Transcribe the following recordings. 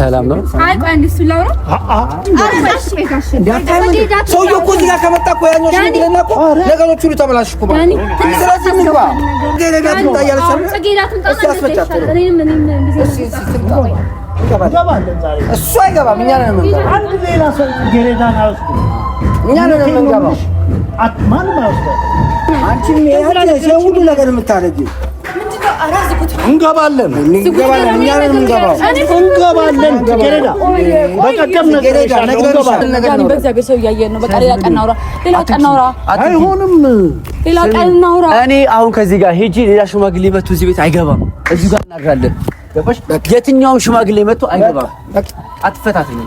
ሰላም ነው። አይ ቆይ አንድ ላውራ። ሰውዬው እኮ እዚህ ጋር ከመጣ እኮ ያኛው ሽምግልና እኮ ነገሮች ሁሉ ተበላሽ እኮ ማለት ነው። ስለዚህ እንግባ። እሱ አይገባም። እኛ ነን የምንገባው። አንቺም ይሄ ሁሉ ነገር የምታደርጊው እንገባለን እንገባለን። እኔ አሁን ከዚህ ጋር ሄጂ ሌላ ሽማግሌ መቶ እዚህ ቤት አይገባም። እዚህ ጋር እናድራለን። የትኛውም ሽማግሌ መቶ አይገባም። አትፈታትኝ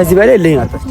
ከዚህ በላይ ለኝ አጠፍች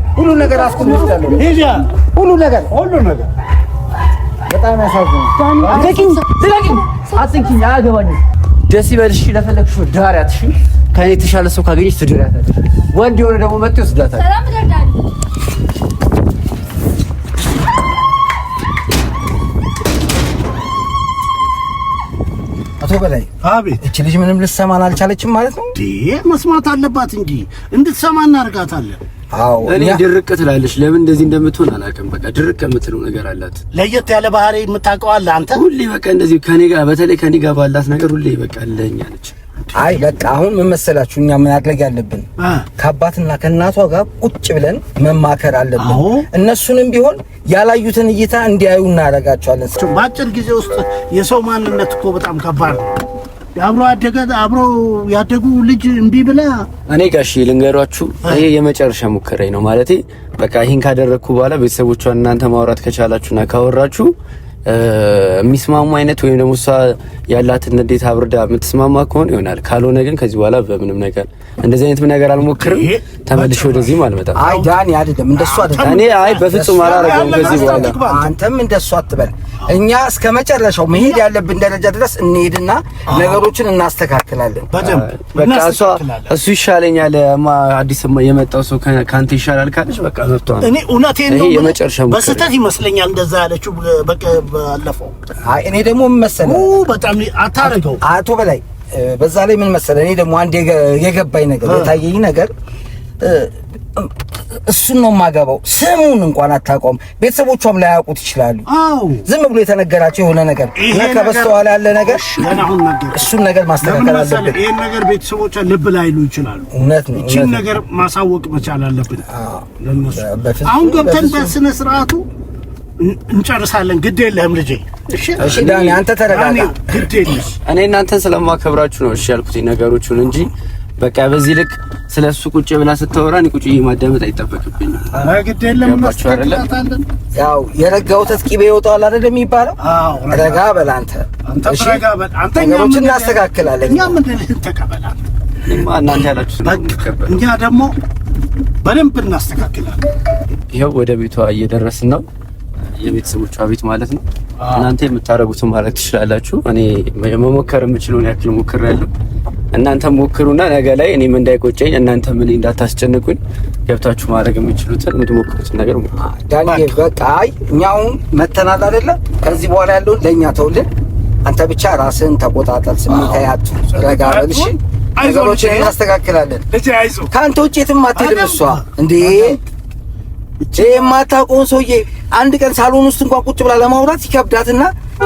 ሁሉ ነገር አስቆምቻለሁ። ሁሉ ነገር ሁሉ ነገር በጣም ያሳዝናል። ደስ ይበልሽ። ለፈለግሽው ዳሪያት። እሺ ከኔ የተሻለ ሰው ትድር ትድሪያታለሽ። ወንድ የሆነ ደግሞ መጥቶ ይወስዳታል። አቶ በላይ አቤት። እች ልጅ ምንም ልትሰማን አልቻለችም ማለት ነው? መስማት አለባት እንጂ እንድትሰማ እናርጋታለን። እኔ ድርቅ ትላለች። ለምን እንደዚህ እንደምትሆን አላውቅም። በቃ ድርቅ የምትለው ነገር አላት። ለየት ያለ ባህሪ የምታውቀው አለ አንተ። ሁሌ በቃ እንደዚህ ከኔ ጋር በተለይ ከኔ ጋር ባላት ነገር ሁሌ በቃ ለኛ አይ በቃ አሁን ምን መሰላችሁ፣ እኛ ማድረግ ያለብን ከአባትና ከእናቷ ጋር ቁጭ ብለን መማከር አለብን። እነሱንም ቢሆን ያላዩትን እይታ እንዲያዩ እናደርጋቸዋለን። በአጭር ጊዜ ውስጥ የሰው ማንነት እኮ በጣም ከባድ ነው። አብሮ አደገ አብሮ ያደጉ ልጅ እምቢ ብላ እኔ ጋሽ ልንገሯችሁ፣ ይሄ የመጨረሻ ሙከራዬ ነው ማለት በቃ ይህን ካደረግኩ በኋላ ቤተሰቦቿን እናንተ ማውራት ከቻላችሁና ካወራችሁ የሚስማሙ አይነት ወይም ደግሞ እሷ ያላትን እንዴት አብርዳ የምትስማማ ከሆነ ይሆናል። ካልሆነ ግን ከዚህ በኋላ በምንም ነገር እንደዚህ አይነት ነገር አልሞክርም። ተመልሼ ወደዚህም አልመጣም። አይ ዳኒ አይደለም፣ እንደሱ አይደለም። እኔ አይ በፍጹም አላረገውም። ከዚህ በኋላ አንተም እንደሱ አትበል። እኛ እስከ መጨረሻው መሄድ ያለብን ደረጃ ድረስ እንሄድና ነገሮችን እናስተካክላለን። በቃ እሷ እሱ ይሻለኛል ማ አዲስ የመጣው ሰው ካንተ ይሻላል ካለች በቃ መጥቷ ነው። እኔ እውነቴን ነው። የመጨረሻው በስተት ይመስለኛል እንደዛ ያለችው በቃ ባለፈው። አይ እኔ ደግሞ መሰለህ በጣም አታረገው አቶ በላይ በዛ ላይ ምን መሰለህ፣ እኔ ደግሞ አንድ የገባኝ ነገር የታየኝ ነገር እሱን ነው የማገባው። ስሙን እንኳን አታውቀውም፣ ቤተሰቦቿም ላያውቁት ይችላሉ። ዝም ብሎ የተነገራቸው የሆነ ነገር እና ከበስተኋላ ያለ ነገር እሱን ነገር ማስተካከል አለብን። ይሄን ነገር ቤተሰቦቿ ልብ ላይሉ ይችላሉ። እውነት ነው። ይህችን ነገር ማሳወቅ መቻል አለብን አሁን ገብተን በስነ ስርዓቱ እንጨርሳለን። ግድ የለህም ልጄ። እሺ ዳኒ አንተ ተረጋጋ። ግድ የለሽ እኔ እናንተን ስለማከብራችሁ ነው እሺ ያልኩት ነገሮቹን እንጂ በቃ በዚህ ልክ ስለሱ ቁጭ ብላ ስታወራ እኔ ቁጭ ማዳመጥ አይጠበቅብኝም። ግድ የለም መስከታታለን። ያው የረጋው ተስቂ በይወጣል አይደል የሚባለው? አዎ ረጋ በል አንተ እሺ ረጋ በል አንተ ነገሮች እናስተካክላለን። እኛ ምን ተቀበላ እማ እናንተ ያላችሁ እኛ ደግሞ በደንብ እናስተካክላለን። ይኸው ወደ ቤቷ እየደረስን ነው። የቤተሰቦቿ ቤት ማለት ነው። እናንተ የምታደርጉትን ማድረግ ትችላላችሁ። እኔ መሞከር የምችለውን ያክል ሞክሬያለሁ። እናንተም ሞክሩና ነገ ላይ እኔም እንዳይቆጨኝ እናንተም ምን እንዳታስጨንቁኝ ገብታችሁ ማድረግ የምችሉትን የምትሞክሩትን ነገር ዳንኤል፣ በቃ አይ እኛ መተናል ከዚህ በኋላ ያለውን ለእኛ ተውልን። አንተ ብቻ ራስህን ተቆጣጠር። ስሜት ያቱ ረጋ ነገሮችን እናስተካክላለን። ከአንተ ውጭ የትም አትሄድም እሷ እንዴ የማታውቀውን ሰውዬ አንድ ቀን ሳሎን ውስጥ እንኳን ቁጭ ብላ ለማውራት ይከብዳትና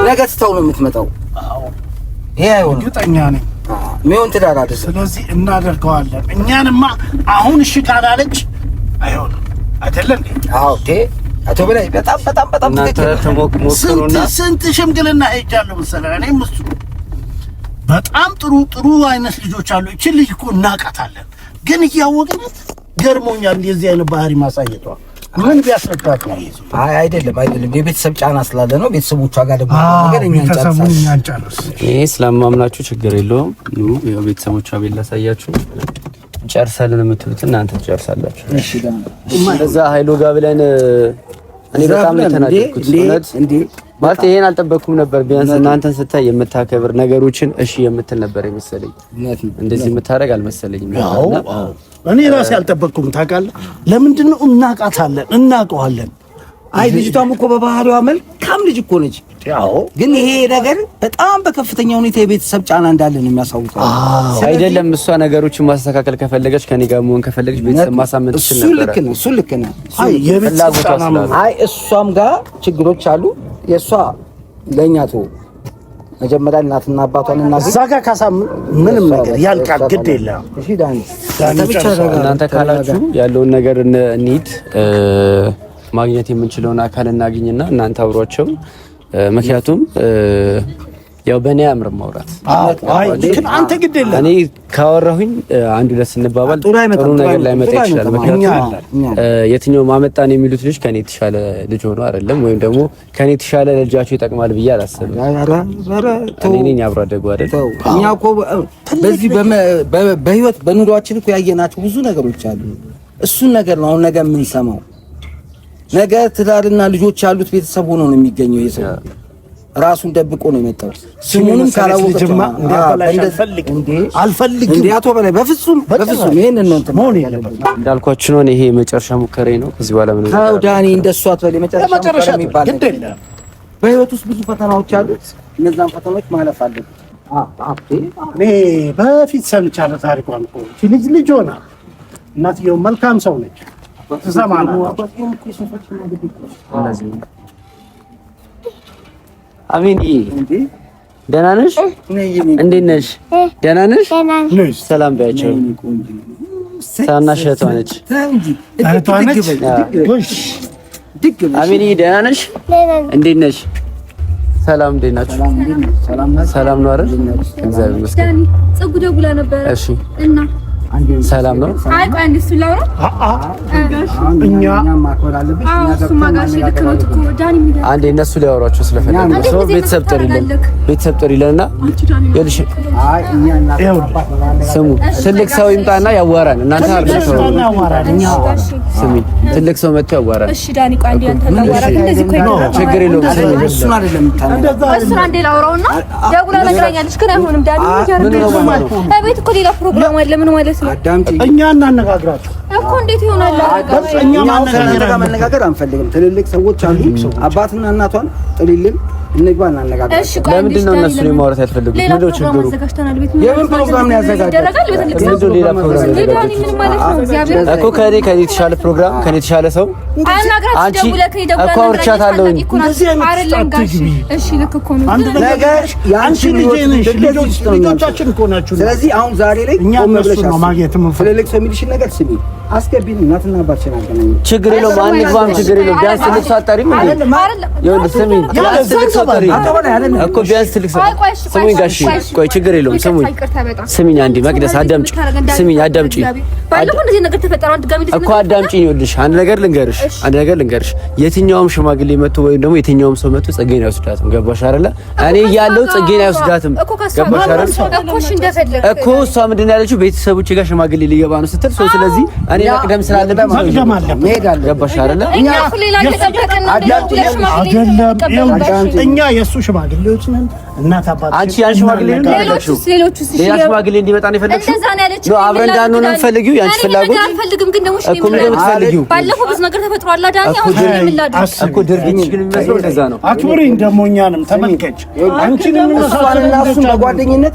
ነገ ትታው ነው የምትመጣው። ይሄ አይሆንም፣ እርግጠኛ ነኝ ሚሆን ትዳር አይደለም። ስለዚህ እናደርገዋለን። እኛንማ አሁን እሺ ካላለች አይሆንም አይደለም። አቶ በላይ በጣም በጣም በጣም ስንት ስንት ሽምግልና ሄጃለሁ መሰለህ። እኔም እሱ በጣም ጥሩ ጥሩ አይነት ልጆች አሉ። እቺ ልጅ እኮ እናውቃታለን፣ ግን እያወቅናት ገርሞኛል የዚህ አይነት ባህሪ ማሳየቷ። ምን ቢያስፈታት ነው? አይ አይደለም፣ አይደለም የቤተሰብ ጫና ስላለ ነው። ቤተሰቦቿ ጋር ደግሞ ነገር እኛ እንጨርስ። ይሄ ስለማምናችሁ ችግር የለውም። ያው ቤተሰቦቿ ቤት ላሳያችሁ፣ እንጨርሳለን የምትሉት እናንተ ትጨርሳላችሁ። እሺ፣ ለዛ ሀይሎ ጋር ብለን እኔ በጣም ተናደድኩት እንዴ እውነት ማለት ይሄን አልጠበቅኩም ነበር። ቢያንስ እናንተን ስታይ የምታከብር ነገሮችን እሺ የምትል ነበር የመሰለኝ። እንደዚህ የምታደርግ አልመሰለኝም። እኔ ራሴ አልጠበቅኩም። ታውቃለህ፣ ለምንድን ነው እናቃታለን፣ እናቀዋለን። አይ ልጅቷም እኮ በባህሪዋ መልካም ልጅ እኮ ነች። ግን ይሄ ነገር በጣም በከፍተኛ ሁኔታ የቤተሰብ ጫና እንዳለ ነው የሚያሳውቀው። አይደለም እሷ ነገሮችን ማስተካከል ከፈለገች ከኔ ጋር መሆን ከፈለገች ቤተሰብ ማሳመን ትችል ነበር። እሱ ልክ ነው። አይ እሷም ጋር ችግሮች አሉ። የእሷ ለእኛ ቶ መጀመሪያ እናትና አባቷን እና እዛ ጋር ካሳምን ምንም ነገር ያልቃል። ግድ የለም እናንተ ካላችሁ ያለውን ነገር እንሂድ። ማግኘት የምንችለውን አካል እናግኝና እናንተ አብሯቸው ምክንያቱም ያው በእኔ አምር ማውራት ግን አንተ ግድ የለም። እኔ ካወራሁኝ አንድ ሁለት ስንባባል ጥሩ ነገር ላይ መጣ ይችላል። ምክንያቱም የትኛው ማመጣን የሚሉት ልጅ ከኔ የተሻለ ልጅ ሆኖ አይደለም፣ ወይም ደግሞ ከኔ የተሻለ ልጃቸው ይጠቅማል ብዬ አላሰብም። እኔ ነኝ አብሮ አደጉ አይደል? እኛ እኮ በዚህ በህይወት በኑሯችን እኮ ያየናቸው ብዙ ነገሮች አሉ። እሱን ነገር ነው አሁን ነገር የምንሰማው ነገ ትዳርና ልጆች ያሉት ቤተሰብ ሆኖ ነው የሚገኘው። የሰው ራሱን ደብቆ ነው የመጣው። ስሙንም ካላወቀ አልፈልግም። አቶ በላይ በፍጹም በፍጹም። ይሄን ነው እንትን መሆን ያለበት እንዳልኳችሁ ነው። ይሄ መጨረሻ ሙከሬ ነው። ከዚህ በኋላ ምን ነው ዳኒ፣ እንደሱ አትበል። መጨረሻ የሚባል ግድ የለም። በህይወት ውስጥ ብዙ ፈተናዎች አሉት። እነዛን ፈተናዎች ማለፍ አለበት። እኔ በፊት ሰምቻለሁ ታሪኳን። ልጅ ልጅ ሆና እናትየው መልካም ሰው ነች። አሜን። ደህና ነሽ? እንዴት ነሽ? ደህና ነሽ? ሰላም በያቸው። ታናሽ እህቷ ነች። አሜን። ደህና ነሽ? እንዴት ነሽ? ሰላም እንዴት ናችሁ? ሰላም ነው አይደል? እግዚአብሔር ይመስገን። ፀጉ ደውላ ነበር። እሺ እና ሰላም ነው። አይ ቆይ አንድ እሱ ላውራ። እኛ አንዴ እነሱ ሊያወራቸው ስለፈለገ ሰው ቤተሰብ ጥሪልን፣ ቤተሰብ ጥሪልንና ይልሽ ስሙ ትልቅ ሰው ይምጣና ያዋራን። እናንተ ስሚ ትልቅ ሰው መጥቶ ያዋራን። እሺ ዳኒ ቆይ አንዴ አንተ ላዋራክ። እንደዚህ ቆይ ችግር የለውም። ስሚ እሱ አይደለም እሱ አንዴ ላውራውና ደውላ ነግራኛለች፣ ግን አይሆንም ዳኒ። ምን ያርግ ቤት እኮ ሌላ ፕሮግራም አለ። ምን ማለት እኛ እናነጋግራችሁ እኮ እንዴት ይሆናል? እኛ መነጋገር አንፈልግም። ትልልቅ ሰዎች አሉ። አባትና እናቷን ጥልልን እንግባ እናነጋገር። እነሱ ማውራት ያልፈለጉት? ሌላ ፕሮግራም አዘጋጅተናል። ቤት የምን ፕሮግራም የተሻለ ፕሮግራም ከእኔ የተሻለ ሰው አንቺ እኮ አውርቻታለሁ። ስለዚህ አሁን ዛሬ ላይ አስገቢን እናትና አባትሽን አገናኝ። ችግር የለውም አንግባም፣ ችግር የለውም ቢያንስ ልብስ አጣሪም እኮ ቢያንስ ትልቅ ሰው ስሙኝ፣ ጋሽ ቆይ፣ ችግር የለውም። ስሙኝ፣ ስሚኝ፣ አንዴ መቅደስ አዳምጪ፣ ስሚኝ፣ አዳምጪ እኮ አዳምጪ። ይኸውልሽ አንድ ነገር ልንገርሽ፣ አንድ ነገር ልንገርሽ። የትኛውም ሽማግሌ መጥቶ ወይም ደግሞ የትኛውም ሰው መጥቶ ጽጌን አይወስዳትም። ገባሽ አይደለ? እኔ እያለሁ ጽጌን አይወስዳትም። ገባሽ አይደለ? እኮ እሷ ምንድን ነው ያለችው? ቤተሰቦቼ ጋር ሽማግሌ ሊገባ ነው ስትል ስለዚህ እኔ መቅደም ስላለብኝ መሄድ አለብኝ። ገባሽ አይደለ? እኛ የእሱ ሽማግሌዎች ነን። እናት አባት አንቺ ያን ሽማግሌ ነው ያለችው። ሌሎቹ ሌላ ሽማግሌ እንዲመጣ ነው የፈለግሽው። እንደዛ ነው ያለችው። አብረን ዳኑ ነው የምትፈልጊው። ያንቺ ፍላጎት አልፈልግም፣ ግን ደግሞ እኮ ምንድን ነው የምትፈልጊው? ባለፈው ብዙ ነገር ተፈጥሯል። አዳኛ አሁን ምን የምላዱ እኮ ድርጊትሽ ግን የሚመስለው እንደዛ ነው። አክብሪን ደግሞ እኛንም ተመልከች። አንቺንም እሷንና እሱን በጓደኝነት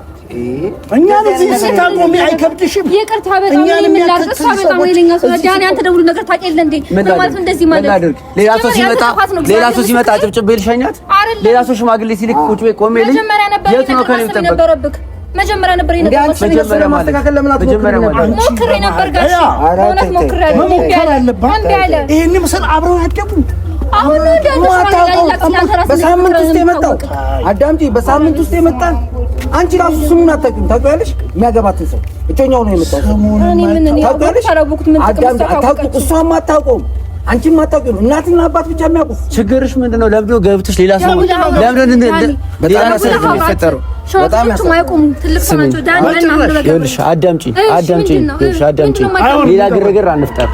እኛን እዚህ ስታቆሚ አይከብድሽም? ይቅርታ በጣም ነው የምላቀስ። ሌላ ሰው ሲመጣ ሌላ ሰው ሲመጣ ጭብጭብ ልሸኛት፣ ሌላ ሰው ሽማግሌ ሲልክ ቁጭ ቤት ቆሜ የት ነው ከኔ የምጠበቅ? መጀመሪያ ነበር የነበረው ማስተካከል። ለምን አትሞክሪም? ነበር ጋሽ፣ በእውነት ሞክሬ አለብህ። ይሄንም ስል አብረን አደጉ በሳምንት ውስጥ የመጣው አዳምጪ፣ በሳምንት ውስጥ የመጣ አንቺ ራሱ ስሙን አታውቂውም። ታውቂዋለሽ? የሚያገባትን ሰው እጮኛው ነው የመጣው። እሷም አታውቀውም አንቺም አታውቂውም። እናትና አባት ብቻ የሚያውቁ ችግርሽ ምንድን ነው? ለምዶ ገብተሽ ሌላ ሰው ለምዶ ሌላ ግርግር አንፍጠር።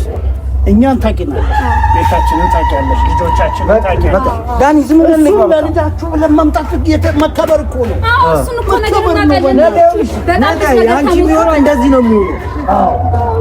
እኛን ታቂናለሽ፣ ቤታችንን ታቂያለሽ፣ ልጆቻችንን ታቂያለሽ። ዳኒ ዝም ብለን ብለህ ለልጃችሁ ብለን መምጣት መከበር እኮ ነው። መከበር ነው። ነገ አንቺ የሚሆነው እንደዚህ ነው የሚሆነው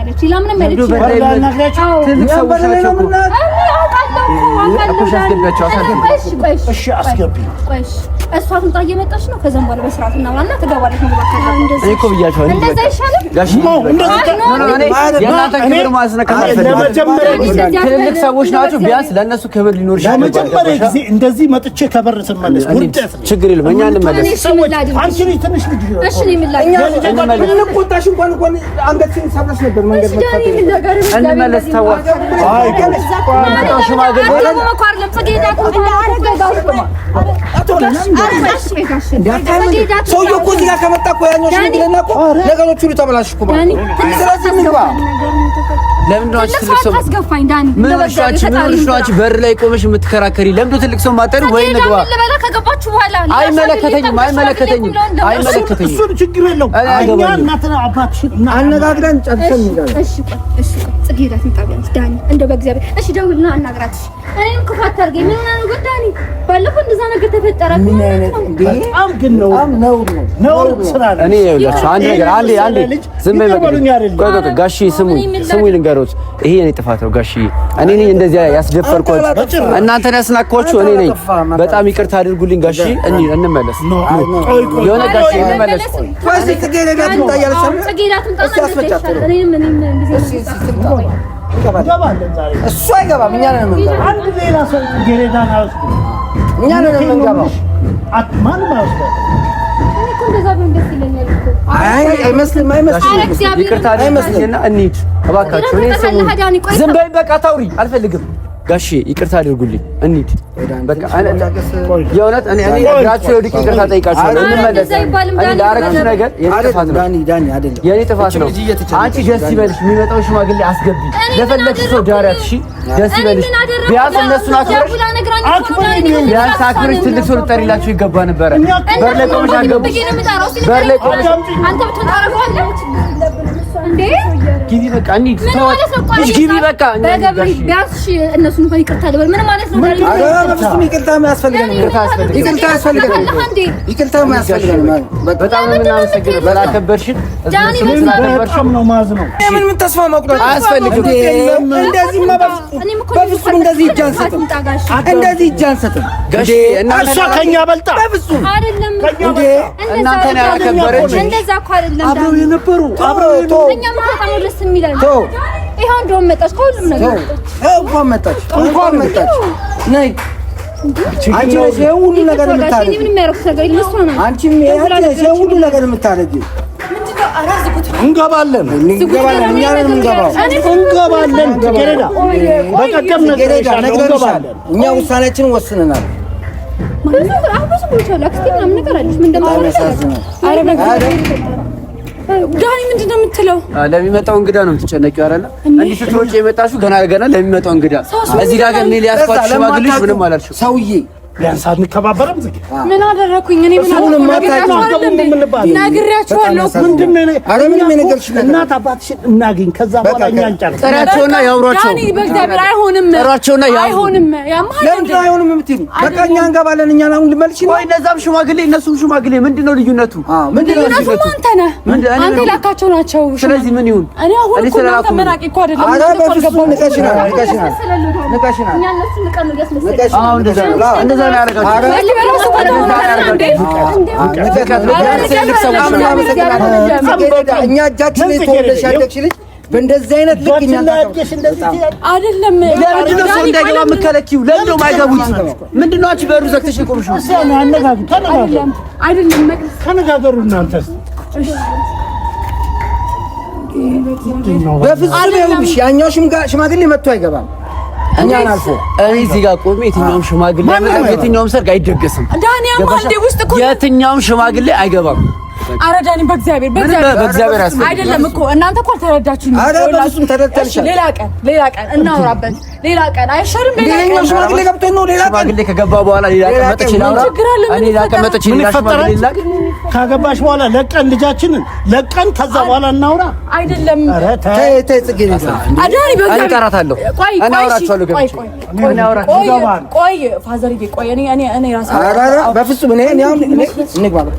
ያለች እሷ ትምጣ እየመጣች ነው። ሰዎች ናቸው። ቢያንስ ለእነሱ ክብር ሊኖር ይችላል። ለመጀመሪያ ጊዜ እንደዚህ መጥቼ ከበር ስመለስ ችግር የለም እኛ እንመለስ። ትንሽ ልጅ እሺ እንመለስ። ትልቅ ቁጣሽ እንኳን እንኳን አንገትሽን ሰብረሽ ነበር መንገድ እንመለስ። ተዋት። ከመጣ እኮ ያኛው ሽምግልና ነገሮች ሁሉ ተበላሽ እኮ ማለት ለምንድን በር ላይ ቆመሽ የምትከራከሪ ለምንድን ትልቅ ሰው ማጠሪ ወይ ንግባ። በኋላ አይመለከተኝም፣ አይመለከተኝም፣ አይመለከተኝም። ችግር አነጋግረን ጨርሰን እንደው በእግዚአብሔር እሺ፣ ደውልና አናግራት። እኔም ክፋት አድርገኝ። ምን ሆነ ነው ጎዳኒ? ባለፈው እንደዛ ነገር ተፈጠረ። ምን አይነት በጣም ግን ነው ነው ነው ስራ ነው። እኔ ይኸውላችሁ አንድ ነገር አንዴ አንዴ ዝም በይ ጋሺ ስሙ ስሙ ልንገሮት፣ ይሄ የኔ ጥፋት ነው ጋሺ። እኔ ነኝ እንደዚያ ያስደፈርኳችሁ፣ እናንተን ያስናኳችሁ እኔ ነኝ። በጣም ይቅርታ አድርጉልኝ ጋሺ። እኔ እንመለስ የሆነ ጋሺ እንመለስ። ጽጌ ሌላ እያለች ጽጌ ሌላ ትምጣ እኔም እኔም እንደዚህ እሱ አይገባም። እኛ ነን የምንገባው። አንድ ሌላ ሰው ገሬዳን አይወስድም። እኛ ነን የምንገባው። ማንም አይወስድም። አይመስልም፣ አይመስልም። እንሂድ እባካችሁ። ዝም በይ በቃ ታውሪ አልፈልግም ጋሺ ይቅርታ አድርጉልኝ። እንሂድ በቃ። የእውነት እኔ እኔ እግራችሁ ወድቄ ይቅርታ ጠይቃችኋለሁ። እንመለስ። እኔ ላረግኩት ነገር የኔ ጥፋት ነው፣ የኔ ጥፋት ነው። አንቺ ደስ ይበልሽ። የሚመጣው ሽማግሌ አስገቢ፣ ለፈለግሽ ሰው ዳሪያት። እሺ ደስ ይበልሽ። ቢያንስ እነሱን አክብረሽ ቢያንስ አክብረሽ ትልቅ ሰው ልጠሪላችሁ ይገባ ነበረ። በር ላይ ቆመሽ አትገቡም። በር ላይ ቆመሽ ግቢ በቃ እንሂድ። ተወው ግቢ በቃ እነሱ ነው ይቅርታ ልበል? ምን ማለት ነው? ይቅርታ ይቅርታ ያስፈልገናል። ይቅርታ ያስፈልገናል። ተስፋ መቁረጥ አያስፈልግም። በፍጹም እንደዚህ እጅ አንሰጥም። እንደዚህ እጅ አንሰጥም። እሷ ከኛ በልጣ በፍጹም አይደለም። እናንተን ያላከበረች አብረው የነበሩ አብረው ይሄው እንደውም መጣች፣ ከሁሉም ነገር እንኳን መጣች፣ እንኳን መጣች። ነይ አንቺ ነሽ ይሄ ሁሉ ነገር የምታደርጊው። አንቺም ይሄ ሁሉ ነገር የምታደርጊው። እንገባለን እንገባለን፣ እኛ ነን የምንገባው። እንገባለን ገረዳ በቀደም ነግረሻል። እኛ ውሳኔያችንን ወስነናል። ብዙ አሁን ብዙ ቦታ ላይ ምናምን ነገር አለች። ምን እንደማደርግ አረ ነገር ዳኒ ምንድን ነው የምትለው? ለሚመጣው እንግዳ ነው የምትጨነቂው አይደለ? እንዲህ ስትሮጪ የመጣሽው ገና ገና ለሚመጣው እንግዳ እዚህ ጋር ግን ሊያስፋት ሽማግሌሽ ምንም አላልሽም ሰውዬ ቢያንስ አንከባበረም። ዝግ ምን አደረኩኝ እኔ? ምን አደረኩኝ? ነግሬያችኋለሁ። ምንድነው እኔ? እናት አባትሽን እናገኝ፣ ከዛ በኋላ እኛ እንጨርስ። ያኔ አይሆንም። ለምን አይሆንም እኛ አሁን ልመልሽ ነው። እነዛም ሽማግሌ፣ እነሱም ሽማግሌ። ምንድነው ልዩነቱ? ምንድነው ልዩነቱ? አንተ ነህ አንተ ናቸው። ስለዚህ ምን ይሁን? እኔ አሁን እኮ አይደለም። እኛ እነሱ አዎ እንደዛ ነው እኛ እጃችን የተወለሽ ያለች ልጅ በእንደዚህ አይነት ልክ እኛ አይደለም። ለምንድን ነው ሰው እንዳይገባ የምከለኪው? ለምን ነው የማይገቡት? ምንድን ነው አንቺ በሩ ዘግተሽ የቆምሽው? ተነጋገሩ እናንተስ በፍጹም ይኸውልሽ፣ ያኛው ሽማግሌ መጥቶ አይገባም። እኛን አልፎ እኔ እዚህ ጋር ቆሜ የትኛውም ሽማግሌ የትኛውም ሰርግ አይደገስም። ዳንያም አንዴ ውስጥ እኮ የትኛውም ሽማግሌ አይገባም። ኧረ ዳኒ በእግዚአብሔር በእግዚአብሔር አይደለም እኮ እናንተ እኮ አልተረዳችሁኝ። ሌላ ቀን ሌላ ቀን እናውራበት። ሌላ ቀን አይሻልም? ሌላ ቀን ሽማግሌ ገብቶ ነው። ሌላ ቀን ሽማግሌ ከገባ በኋላ ሌላ ቀን መጥቼ ላውራ። ምን ይፈጠራል? ሌላ ቀን ካገባሽ በኋላ ለቀን ልጃችንን ለቀን ከዛ በኋላ እናውራ። አይደለም ተይ ተይ፣ ፅጌ ዳኒ በእግዚአብሔር እጠራታለሁ። ቆይ ቆይ ቆይ፣ ፋዘርዬ ቆይ፣ እኔ እኔ እኔ ራሴ በፍጹም እኔ እኔ አሁን እንግባ በቃ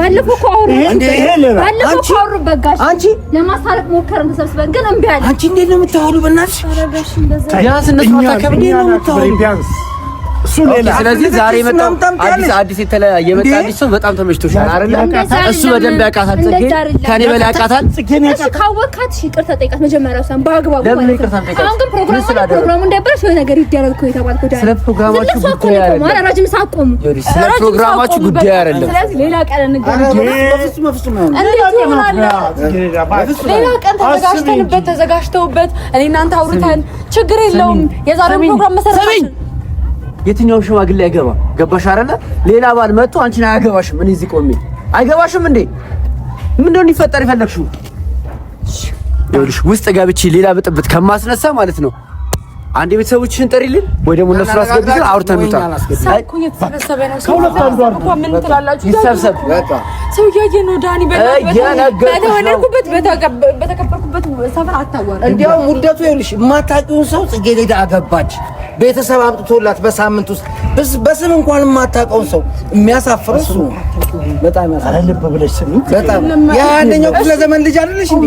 ባለፈው እኮ አውሩበት ጋሽ ለማስታረቅ ሞከርን ተሰብስበን፣ ግን እምቢ አለ። አንቺ እንዴት ነው የምታወሉ? በእናትሽ ቢያንስ ስለዚህ ዛሬ የመጣው አዲስ አዲስ የተለያየ የመጣ አዲስ ሰው በጣም ተመችቶሻል አይደል? እሱ በደንብ ያውቃታል። ጽጌ ከኔ በላይ ያውቃታል። ጽጌን ይቅርታ ጠይቃት መጀመሪያ ሰው በአግባቡ ማለት ነው። አሁን ግን ፕሮግራሙ እንዳይበላሽ የሆነ ነገር ይደረግ እኮ የተባልኩት ስለ ፕሮግራማችሁ ጉዳይ አይደለም። ረጅም ሳቆሙ ስለ ፕሮግራማችሁ ጉዳይ አይደለም። ስለዚህ ሌላ ቀን ተዘጋጅተንበት እኔ እናንተ አውርተን ችግር የለውም የዛሬው ፕሮግራም መሰረት የትኛውም ሽማግሌ አይገባም። ገባሽ አይደለ? ሌላ ባል መጥቶ አንቺን አያገባሽም። እኔ እዚህ ቆሜ አይገባሽም እንዴ? ምንድነው ይፈጠር የፈለግሽው? ይኸውልሽ ውስጥ ገብቼ ሌላ ብጥብጥ ከማስነሳ ማለት ነው አንድ ቤተሰቦችሽን ጠሪልን ወይ ደግሞ እነሱ አውርተን ሰው የማታውቂውን ሰው አገባች። ቤተሰብ አምጥቶላት በሳምንት ውስጥ በስም እንኳን የማታውቀውን ሰው የሚያሳፍር እሱ በጣም ያሳፍር። ልብ ብለሽ ስሚ። በጣም አንደኛው ክፍለ ዘመን ልጅ አይደለሽ እንዴ?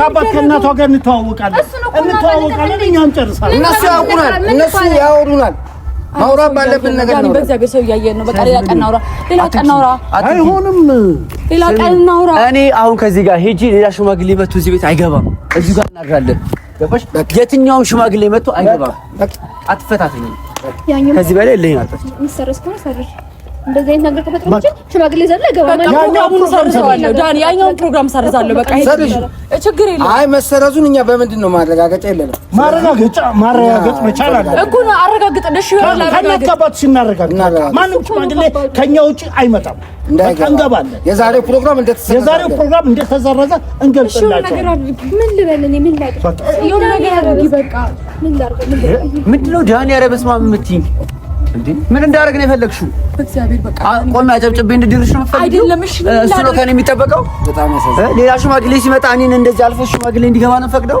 ከአባት ከእናቷ ጋር እንተዋወቃለን እንተዋወቃለን፣ እኛ እንጨርሳለን። እነሱ ያውቁናል፣ እነሱ ያወሩናል። ማውራት ባለብን ነገር ነው። በእግዚአብሔር ሰው እያየን ነው። በቃ ሌላ ቀን እናውራ፣ ሌላ ቀን እናውራ። አይሆንም፣ ሌላ ቀን እናውራ። እኔ አሁን ከዚህ ጋር ሄጂ፣ ሌላ ሽማግሌ መቶ እዚህ ቤት አይገባም። እዚህ ጋር እናድራለን። ገባሽ? የትኛውም ሽማግሌ መቶ አይገባም። አትፈታትኝ ከዚህ በላይ ለኛ አጥፍት እንደዚህ አይነት ነገር ተፈጥሮ ብቻ አይ መሰረዙን እኛ በምንድን ነው ማረጋገጫ የለንም። ማረጋገጫ ማረጋገጥ መቻል አለ እኮ ነው። አረጋግጥ ደሽ ይሆናል። ማንም ሽማግሌ ከኛ ውጪ አይመጣም። እንገባለን። የዛሬው ፕሮግራም የዛሬው ፕሮግራም እንደተሰረዘ እንገልጽላቸው። ምንድን ነው ዳኒ? ኧረ በስመ አብ የምትይኝ ምን እንዳደረግ ነው የፈለግሽው? ቆሜ አጨብጭቤ እንድድርሽ ነው አይደለም? እሺ እሱ ነው ከኔ የሚጠበቀው። ሌላ ሽማግሌ ሲመጣ እኔን እንደዚህ አልፎ ሽማግሌ እንዲገባ ነው ፈቅደው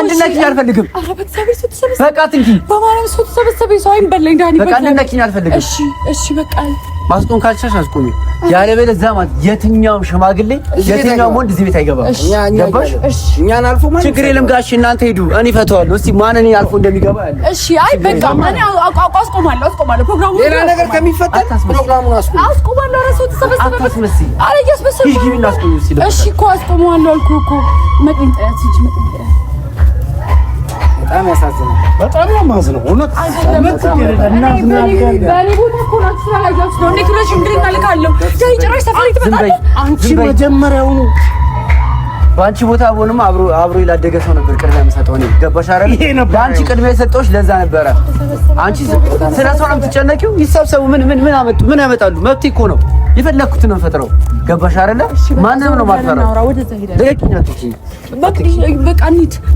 አንድነትን አልፈልግም። በቃ ትንኪ በማርያም ሰው ተሰበሰበ ሰው አይበለኝ ዳኒ በቃ አንድነትን አልፈልግም። እሺ እሺ በቃ ማስቆም ካልቻልሽ አስቆሚ። ያለበለዚያ ማለት የትኛውም ሽማግሌ የትኛውም ወንድ እዚህ ቤት አይገባም። ገባሽ? እኛን አልፎ ማለት ችግር የለም ጋሽ እናንተ ሂዱ፣ እኔ እፈተዋለሁ። እስቲ ማን እኔ አልፎ እንደሚገባ ያለ። እሺ አይ በቃ ማን አስቆማለሁ፣ አስቆማለሁ። ፕሮግራሙን ሌላ ነገር ከሚፈጠር ፕሮግራሙን አስቆማለሁ፣ አስቆማለሁ። ኧረ ሰው ተሰበሰበ። አታስመስይ። አረ እያስመሰልኩ እሺ እኮ አስቆማለሁ አልኩህ እኮ መቅንጠያ ሲጅ መቅንጠያ በጣም ያሳዝናል። በጣም ያማዝነው እውነት አንቺ መጀመሪያው በአንቺ ቦታ ብሆንም አብሮ አብሮ ላደገ ሰው ነበር ቅድሚያ የምሰጠው እኔ። ገባሽ አይደል? ለአንቺ ቅድሚያ የሰጠሁሽ ለዛ ነበረ። አንቺ ስለ ሰው ነው የምትጨነቂው። ይሰብሰቡ ምን ምን ምን ያመጣሉ? መብቴ እኮ ነው። የፈለግኩትን ነው ፈጥረው ገባሽ አይደለ? ማንንም ነው ማፈራው።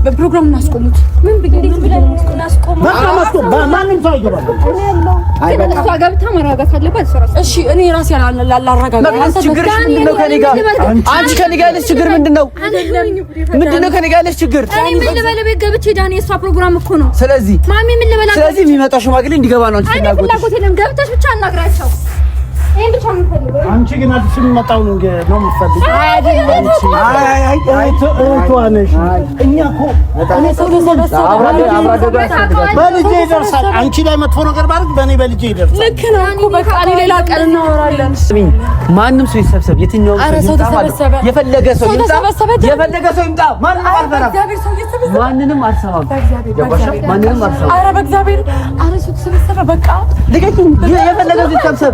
በፕሮግራም እናስቆሙት። ምን እኔ ራሴ ከኔ ጋር ችግር ምንድን ነው? ምንድን ነው ከኔ ጋር ያለሽ ችግር? እኔ ምን ቤት ገብቼ ዳኒ፣ የእሷ ፕሮግራም እኮ ነው። ስለዚህ ማሚ ምን ስለዚህ የሚመጣ ሽማግሌ እንዲገባ ነው። አንቺ ፍላጎት የለም። ገብተሽ ብቻ አናግራቸው አንቺ ግን አዲስ የሚመጣው ነው ነው የምትፈልጊው? እህቷ ነሽ። እኛ እኮ በልጄ ይደርሳል። አንቺ ላይ መጥፎ ነገር ባደርግ በእኔ በልጄ ይደርሳል። ልክ ነው እኮ በቃ እኔ ሌላ ቀን እናወራለን። ማንም ሰው ይሰብሰብ፣ የትኛውም ሰው ይምጣ፣ የፈለገ ሰው ይምጣ። ማንንም አልሰማም፣ ማንንም አልሰማም። ኧረ በእግዚአብሔር፣ ኧረ ሰው ተሰበሰበ፣ በቃ የፈለገ ሰው ይሰብሰብ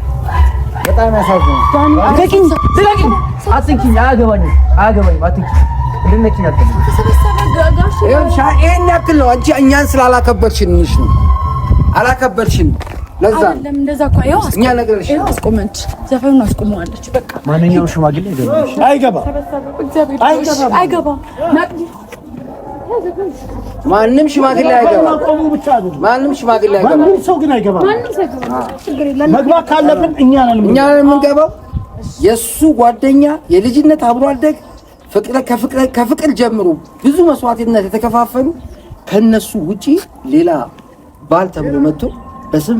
በጣም ያሳዝናል። አትንኪኝ፣ አትንኪኝ፣ አያገባኝም፣ አያገባኝም፣ አትንኪኝ። እንድነኪኝ ይሄን ያክል ነው። አንቺ እኛን ስላላከበርሽንሽ ነው፣ አላከበርሽን። ለዛ እኛ ነገርሽ አስቆመች፣ ዘፈኑን አስቆመዋለች። በቃ ማንኛውም ሽማግሌ አይገባም፣ አይገባም፣ አይገባም ማንም ሽማግሌ አይገባ። ማንም ሽማግሌ አይገባ። ማንም ሰው ግን አይገባ። መግባት ካለብን እኛ ነን የምንገባው። የእሱ ጓደኛ የልጅነት አብሮ አደግ ከፍቅር ጀምሮ ብዙ መስዋዕትነት የተከፋፈሉ ከነሱ ውጪ ሌላ ባል ተብሎ መጥቶ በስም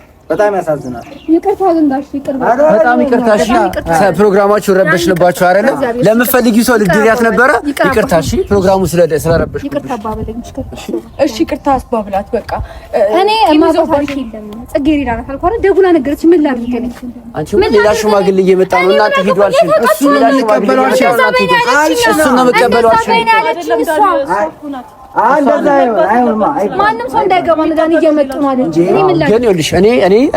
በጣም ያሳዝናል። ይቅርታ ዘንዳሽ ይቅርታ፣ በጣም ይቅርታ። እሺ ፕሮግራማችሁ ረበሽንባችሁ አይደለ? ለምፈልጊው ሰው ልትደሪያት ነበረ። ይቅርታ። እሺ ፕሮግራሙ ስለ ስለረበሽ ይቅርታ ባበለኝ። እሺ ይቅርታ አስባብላት። በቃ እኔ የማውቀው ታሪክ የለም። ደጉና ነገረች። ምን ላድርግ አንቺ ምን ሌላ ሽማግሌ እየመጣ ነው እና ትሄዷል። እሺ እሱ ነው የምቀበሏቸው። እሱ ነው የምቀበሏቸው። ማንም ሰው እንዳይገባ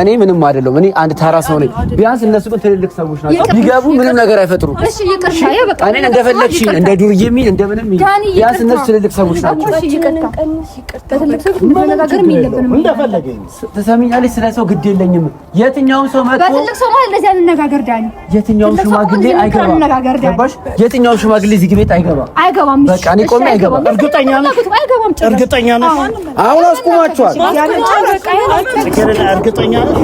እኔ ምንም አይደለም። እኔ አንድ ተራ ሰው ነኝ። ቢያንስ እነሱ ግን ትልልቅ ሰዎች ናቸው። ቢገቡ ምንም ነገር አይፈጥሩም። እሺ፣ ይቅርታ። እኔ እንደፈለግሽ እንደ ዱርዬ የሚል እንደምንም ቢያንስ እነሱ ትልልቅ ሰዎች ናቸው። ትሰሚኛለሽ? ስለ ሰው ግድ የለኝም። የትኛውም ሰው የትኛውም ሽማግሌ አይገባም። የትኛውም ሽማግሌ እዚህ ቤት አይገባም። አይገባም። በቃ እኔ ቆሜ አይገባም። እርግጠኛ ነኝ እርግጠኛ ነሽ? አሁን አስቁማችኋል። እርግጠኛ ነሽ?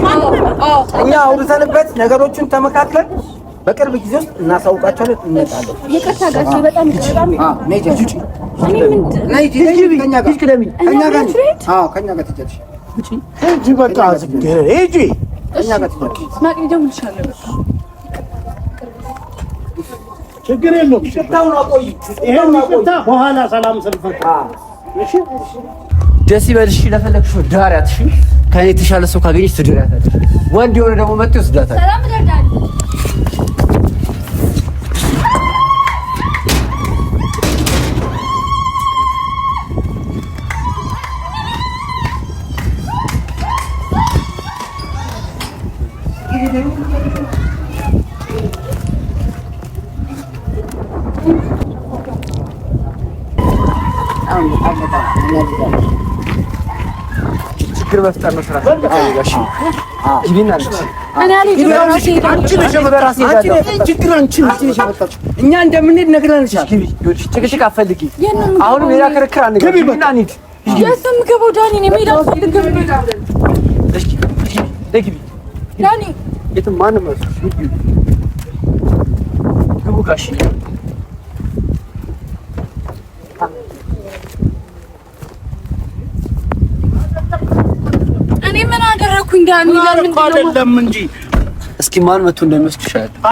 እኛ አውርተንበት ነገሮችን ተመካክለን በቅርብ ጊዜ ውስጥ እናሳውቃቸዋለን። እንመጣለን። ይቅርታ ጋር በጣም ችግር የለውም። ይቅርታውን አቆይ። ይሄን ይቅርታ በኋላ ሰላም ስንፈታ ደስ ይበልሽ። ለፈለግሽ ከኔ የተሻለ ሰው ካገኘች ትድሪያታለሽ። ወንድ የሆነ ደግሞ መጥቶ ይወስዳታል። ሰላም ደርዳል ችግር መፍጠር ነው ስራ ታጋሽ ይቢና አንቺ አንቺ ነሽ በራሴ ያለው ችግር አንቺ ነሽ ያመጣችው። እኛ እንደምንሄድ ነግረንሻል። ጭቅጭቅ አፈልጊ። አሁን ሜዳ ክርክር አንገናኝት የስም ገባው ዳኒ ነው ሜዳ ክርክር ዳኒ የትም ማንም ነው ግቡ ጋሽ ድንጋይ ነው። አይደለም እንጂ እስኪ ማን መቶ እንደሚወስድሻል